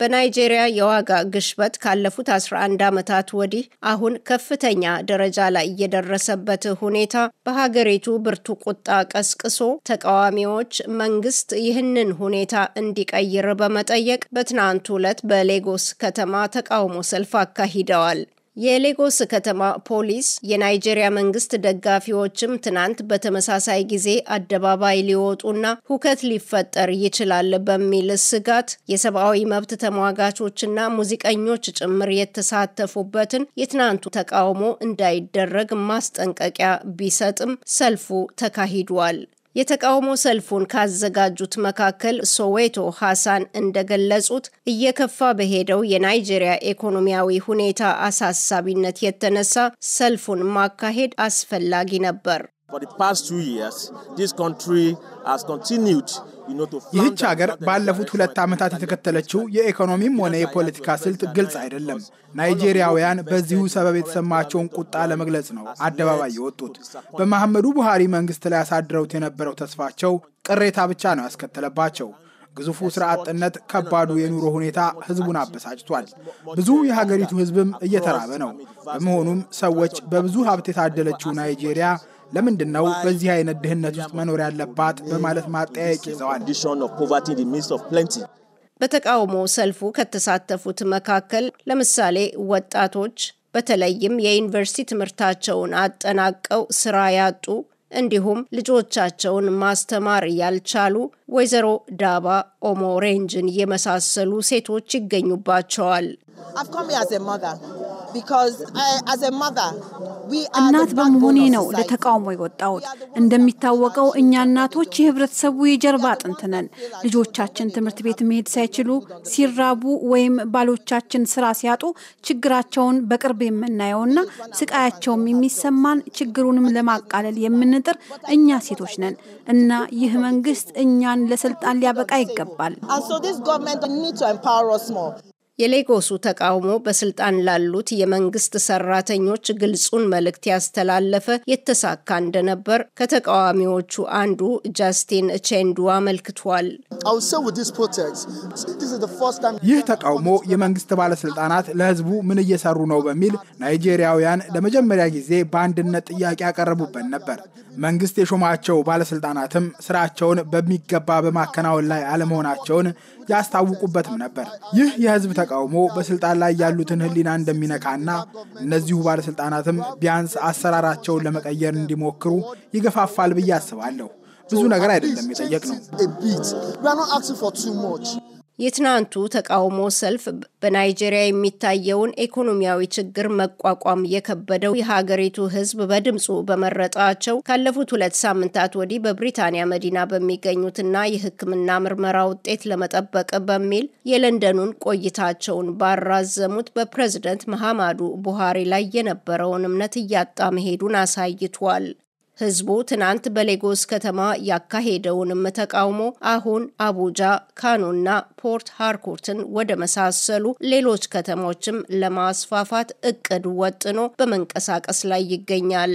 በናይጄሪያ የዋጋ ግሽበት ካለፉት 11 ዓመታት ወዲህ አሁን ከፍተኛ ደረጃ ላይ የደረሰበት ሁኔታ በሀገሪቱ ብርቱ ቁጣ ቀስቅሶ ተቃዋሚዎች መንግስት ይህንን ሁኔታ እንዲቀይር በመጠየቅ በትናንቱ ዕለት በሌጎስ ከተማ ተቃውሞ ሰልፍ አካሂደዋል። የሌጎስ ከተማ ፖሊስ የናይጄሪያ መንግስት ደጋፊዎችም ትናንት በተመሳሳይ ጊዜ አደባባይ ሊወጡና ሁከት ሊፈጠር ይችላል በሚል ስጋት የሰብአዊ መብት ተሟጋቾችና ሙዚቀኞች ጭምር የተሳተፉበትን የትናንቱ ተቃውሞ እንዳይደረግ ማስጠንቀቂያ ቢሰጥም ሰልፉ ተካሂዷል። የተቃውሞ ሰልፉን ካዘጋጁት መካከል ሶዌቶ ሐሳን እንደገለጹት እየከፋ በሄደው የናይጄሪያ ኢኮኖሚያዊ ሁኔታ አሳሳቢነት የተነሳ ሰልፉን ማካሄድ አስፈላጊ ነበር። ይህች ሀገር ባለፉት ሁለት ዓመታት የተከተለችው የኢኮኖሚም ሆነ የፖለቲካ ስልት ግልጽ አይደለም። ናይጄሪያውያን በዚሁ ሰበብ የተሰማቸውን ቁጣ ለመግለጽ ነው አደባባይ የወጡት። በመሐመዱ ቡሃሪ መንግስት ላይ ያሳድረውት የነበረው ተስፋቸው ቅሬታ ብቻ ነው ያስከተለባቸው። ግዙፉ ስራ አጥነት፣ ከባዱ የኑሮ ሁኔታ ህዝቡን አበሳጭቷል። ብዙ የሀገሪቱ ህዝብም እየተራበ ነው። በመሆኑም ሰዎች በብዙ ሀብት የታደለችው ናይጄሪያ ለምንድን ነው በዚህ አይነት ድህነት ውስጥ መኖር ያለባት በማለት ማጠያየቅ ይዘዋል። በተቃውሞ ሰልፉ ከተሳተፉት መካከል ለምሳሌ ወጣቶች በተለይም የዩኒቨርሲቲ ትምህርታቸውን አጠናቀው ስራ ያጡ እንዲሁም ልጆቻቸውን ማስተማር ያልቻሉ ወይዘሮ ዳባ ኦሞሬንጅን የመሳሰሉ ሴቶች ይገኙባቸዋል። Uh, እናት በመሆኔ ነው ለተቃውሞ የወጣሁት። እንደሚታወቀው እኛ እናቶች የህብረተሰቡ የጀርባ አጥንት ነን። ልጆቻችን ትምህርት ቤት መሄድ ሳይችሉ ሲራቡ፣ ወይም ባሎቻችን ስራ ሲያጡ ችግራቸውን በቅርብ የምናየውና ስቃያቸውም የሚሰማን ችግሩንም ለማቃለል የምንጥር እኛ ሴቶች ነን እና ይህ መንግስት እኛን ለስልጣን ሊያበቃ ይገባል። የሌጎሱ ተቃውሞ በስልጣን ላሉት የመንግስት ሰራተኞች ግልጹን መልእክት ያስተላለፈ የተሳካ እንደነበር ከተቃዋሚዎቹ አንዱ ጃስቲን ቼንዱ አመልክቷል። ይህ ተቃውሞ የመንግስት ባለስልጣናት ለህዝቡ ምን እየሰሩ ነው በሚል ናይጄሪያውያን ለመጀመሪያ ጊዜ በአንድነት ጥያቄ ያቀረቡበት ነበር። መንግስት የሾማቸው ባለስልጣናትም ስራቸውን በሚገባ በማከናወን ላይ አለመሆናቸውን ያስታውቁበትም ነበር። ይህ የህዝብ ተቃውሞ በስልጣን ላይ ያሉትን ህሊና እንደሚነካና እነዚሁ ባለስልጣናትም ቢያንስ አሰራራቸውን ለመቀየር እንዲሞክሩ ይገፋፋል ብዬ አስባለሁ። ብዙ ነገር አይደለም ነው። የትናንቱ ተቃውሞ ሰልፍ በናይጄሪያ የሚታየውን ኢኮኖሚያዊ ችግር መቋቋም የከበደው የሀገሪቱ ሕዝብ በድምፁ በመረጣቸው ካለፉት ሁለት ሳምንታት ወዲህ በብሪታንያ መዲና በሚገኙትና የሕክምና ምርመራ ውጤት ለመጠበቅ በሚል የለንደኑን ቆይታቸውን ባራዘሙት በፕሬዝደንት መሐማዱ ቡሃሪ ላይ የነበረውን እምነት እያጣ መሄዱን አሳይቷል። ህዝቡ ትናንት በሌጎስ ከተማ ያካሄደውንም ተቃውሞ አሁን አቡጃ፣ ካኑና ፖርት ሃርኮርትን ወደ መሳሰሉ ሌሎች ከተሞችም ለማስፋፋት እቅድ ወጥኖ በመንቀሳቀስ ላይ ይገኛል።